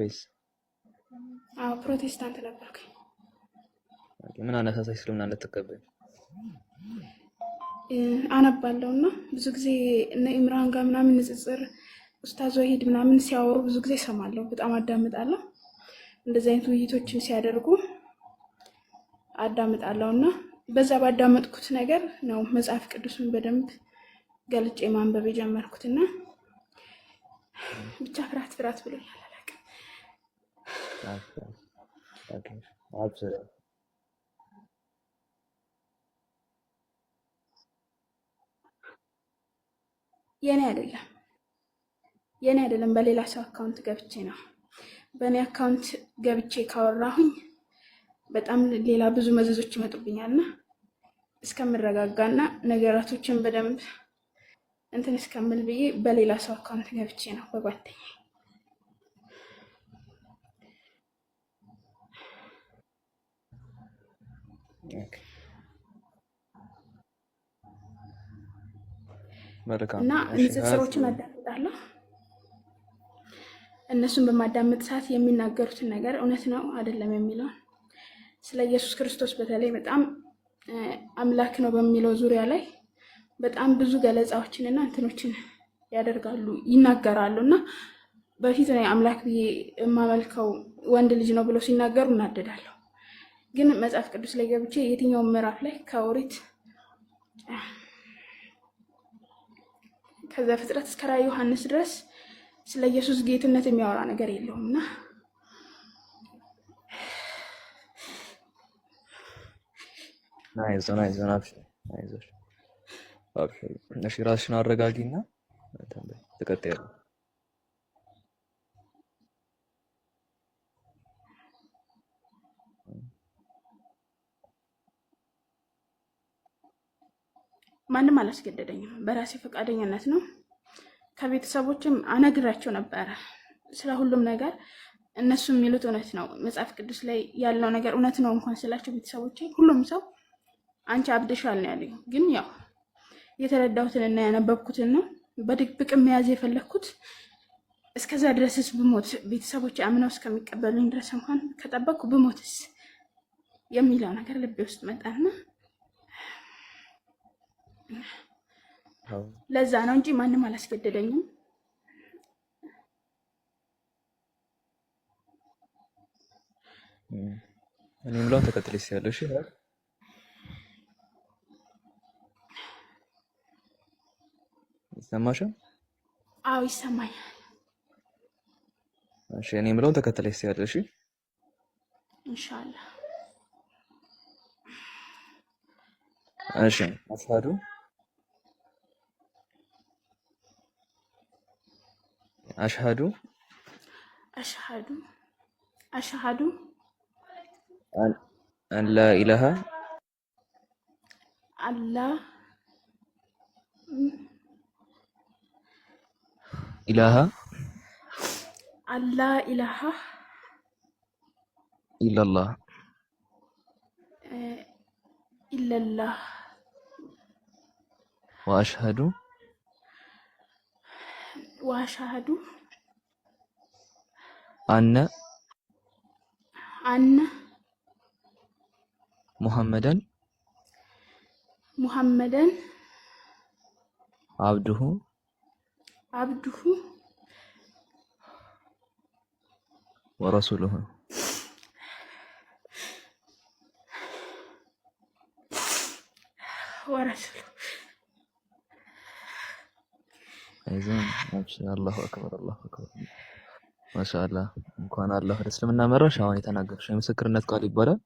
ወይስ? አዎ ፕሮቴስታንት ነበርኩ። ምን አነሳሳሽ ስለምን አልተቀበል? አነባለሁ እና ብዙ ጊዜ እነ ኢምራን ጋር ምናምን ንጽጽር ኡስታዝ ወሂድ ምናምን ሲያወሩ ብዙ ጊዜ እሰማለሁ፣ በጣም አዳምጣለሁ። እንደዚህ አይነት ውይይቶችን ሲያደርጉ አዳምጣለሁ እና በዛ ባዳመጥኩት ነገር ነው መጽሐፍ ቅዱስን በደንብ ገልጬ ማንበብ የጀመርኩትና ብቻ ፍርሃት ፍርሃት ብሎኛል። የኔ አይደለም የኔ አይደለም፣ በሌላ ሰው አካውንት ገብቼ ነው። በእኔ አካውንት ገብቼ ካወራሁኝ በጣም ሌላ ብዙ መዘዞች ይመጡብኛልና እስከምረጋጋና ነገራቶችን በደንብ እንትን እስከምል ብዬ በሌላ ሰው አካውንት ገብቼ ነው በጓደኛ። እና ንጽጽሮችን አዳምጣለሁ። እነሱን በማዳመጥ ሰዓት የሚናገሩትን ነገር እውነት ነው አይደለም የሚለውን ስለ ኢየሱስ ክርስቶስ በተለይ በጣም አምላክ ነው በሚለው ዙሪያ ላይ በጣም ብዙ ገለጻዎችን እና እንትኖችን ያደርጋሉ ይናገራሉ። እና በፊት ነው አምላክ ብዬ የማመልከው ወንድ ልጅ ነው ብለው ሲናገሩ እናደዳለሁ። ግን መጽሐፍ ቅዱስ ላይ ገብቼ የትኛውን ምዕራፍ ላይ ከኦሪት ከዛ ፍጥረት እስከ ራዕየ ዮሐንስ ድረስ ስለ ኢየሱስ ጌትነት የሚያወራ ነገር የለውም እና አይዞን አይዞን አብሽር አይዞሽ አረጋጊና ተቀጥ ማንም አላስገደደኝም። በራሴ ፈቃደኝነት ነው። ከቤተሰቦችም አነግራቸው ነበረ ስለ ሁሉም ነገር። እነሱ የሚሉት እውነት ነው፣ መጽሐፍ ቅዱስ ላይ ያለው ነገር እውነት ነው እንኳን ስላቸው ቤተሰቦች፣ ሁሉም ሰው አንቺ አብደሻል ነው ያለኝ። ግን ያው የተረዳሁትንና ያነበብኩትን ነው በድብቅ መያዝ የፈለግኩት። እስከዛ ድረስስ ብሞት ቤተሰቦች አምነው እስከሚቀበሉኝ ድረስ እንኳን ከጠበቅኩ ብሞትስ የሚለው ነገር ልቤ ውስጥ መጣና ለዛ ነው እንጂ ማንም አላስገደደኝም። እኔ የምለውን ተከትል ሲያለው እሺ ይሰማሻል? አዎ ይሰማኛል። እሺ እኔ የምለውን ተከትለሽ ሲያለው እሺ ኢንሻአላህ። እሺ አስፋዱ أشهد أشهد أشهد أن أن لا إله أن لا إله أن لا إله إلا الله إلا الله وأشهد وأشهد أن أن محمدا محمدا عبده عبده ورسوله ورسوله አይዞህ አላሁ አክበር አላሁ አክበር። ማሻአላ እንኳን አላህ ወደ እስልምና መራሽ። አሁን የተናገርሽው የምስክርነት ቃል ይባላል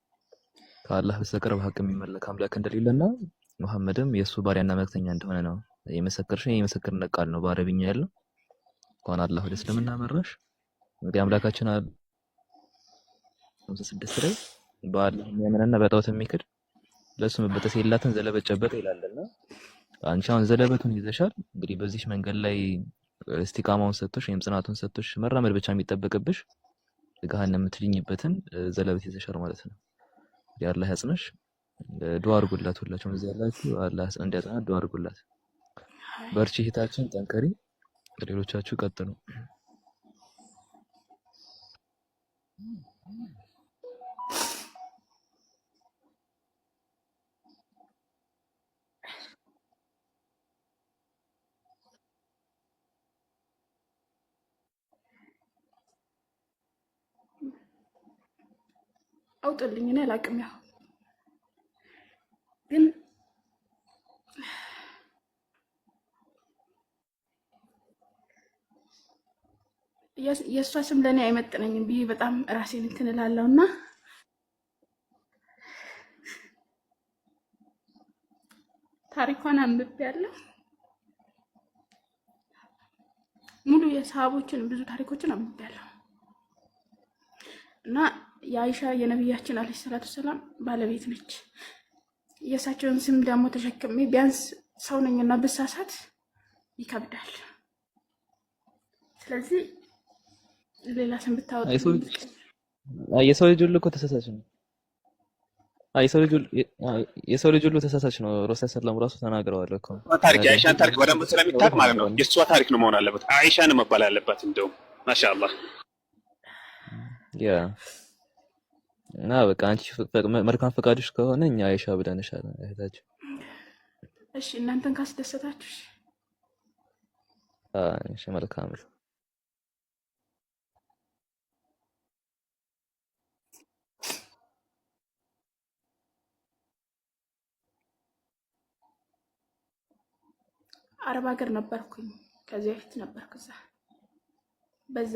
ከአላህ በስተቀር በሀቅ የሚመለክ አምላክ እንደሌለና መሐመድም የእሱ ባሪያና መልክተኛ እንደሆነ ነው የመሰከርሽው። የምስክርነት ቃል ነው በአረብኛ ያለው። እንኳን አላህ ወደ እስልምና መራሽ። እንግዲህ አምላካችን ሃምሳ ስድስት ላይ በአላህ የሚያምንና በጣዖት የሚክድ ለእሱ መበጠስ የላትን ዘለበጨበጠ ይላልና አንቺ አሁን ዘለበቱን ይዘሻል። እንግዲህ በዚህ መንገድ ላይ ስቲካማውን ሰጥቶሽ ወይም ጽናቱን ሰጥቶሽ መራመድ ብቻ የሚጠበቅብሽ ገሃነም የምትድኝበትን ዘለበት ይዘሻል ማለት ነው። አላህ ያጽነሽ። ዱአ አድርጉላት። ሁላችሁም እዚህ ያላችሁ አላህ እንዲያጽናት ዱአ አድርጉላት። በርቺ እህታችን፣ ጠንከሪ። ሌሎቻችሁ ቀጥሉ። አውጥልኝ። እኔ አላቅም። ያው ግን የእሷ ስም ለእኔ አይመጥነኝም ብዬ በጣም ራሴን እንትን እላለሁ እና ታሪኳን አንብቤያለሁ። ሙሉ የሰሃቦችን ብዙ ታሪኮችን አንብቤያለሁ እና የአይሻ የነቢያችን አለ ሰላቱ ሰላም ባለቤት ነች። የእሳቸውን ስም ደግሞ ተሸክሜ ቢያንስ ሰው ነኝና ብሳሳት ይከብዳል። ስለዚህ ሌላ ስም ብታወጣ የሰው ልጅ ሁሉ እኮ ተሳሳች ነው። የሰው ልጅ ሁሉ ተሳሳች ነው። ሮስ ሰላም ራሱ ተናግረዋል እኮ ታሪክ የአይሻን ታሪክ በደንብ ስለሚታቅ ማለት ነው። የእሷ ታሪክ ነው መሆን አለበት። አይሻን መባል አለባት። እንደውም ማሻአላህ ያ እና በቃ አንቺ መልካም ፈቃዶች ከሆነ እኛ አይሻ ብለንሻል እህታችን። እሺ እናንተን ካስደሰታችሁ እሺ መልካም ነው። አረብ ሀገር ነበርኩኝ ከዚህ በፊት ነበርኩ እዛ በዛ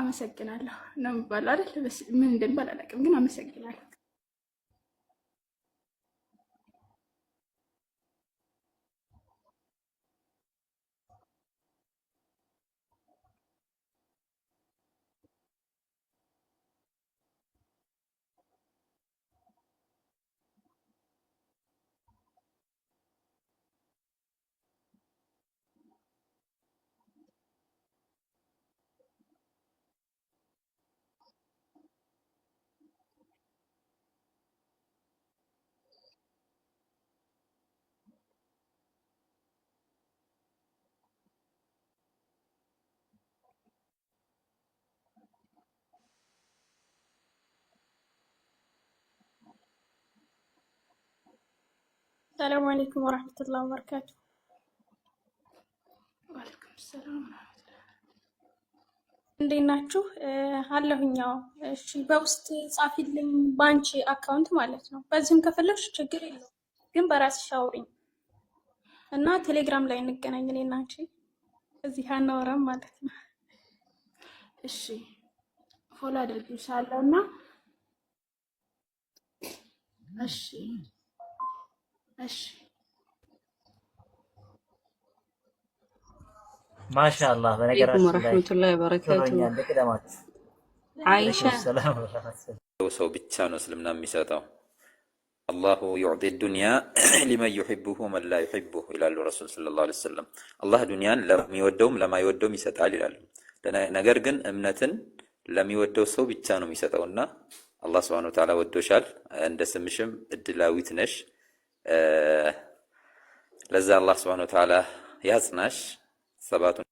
አመሰግናለሁ ነው የሚባለው አይደል? ምን እንደሚባል አላውቅም፣ ግን አመሰግናለሁ። ሰላም አለይኩም ወራህመቱላሂ ወበረካቱ። ወአለይኩም ሰላም እንዴት ናችሁ? አለሁኛው። እሺ፣ በውስጥ ጻፊልኝ ባንቺ አካውንት ማለት ነው። በዚህም ከፈለግሽ ችግር የለው፣ ግን በራስሽ አውሪኝ እና ቴሌግራም ላይ እንገናኝ። እኔ እና አንቺ እዚህ አናወራም ማለት ነው። እሺ፣ ፎሎ አድርጊሻለሁ እና እሺ እሺ ማሻአላህ በነገራችን ላይ ወበረካቱ አይሻ ሰው ብቻ ነው እስልምና የሚሰጠው። አላሁ ዩዕጢ ዱንያ ሊመን ዩሒቡሁ ወመን ላ ዩሒቡሁ ይላሉ ረሱል ሰለላሁ ዐለይሂ ወሰለም። አላህ ዱንያን ለሚወደውም ለማይወደውም ይሰጣል ይላሉ። ነገር ግን እምነትን ለሚወደው ሰው ብቻ ነው የሚሰጠውና አላህ ሱብሓነሁ ወተዓላ ወዶሻል፣ እንደ ስምሽም እድላዊት ነሽ ለዛ አላህ ስብሐነ ወተዓላ ያጽናሽ ሰባቱን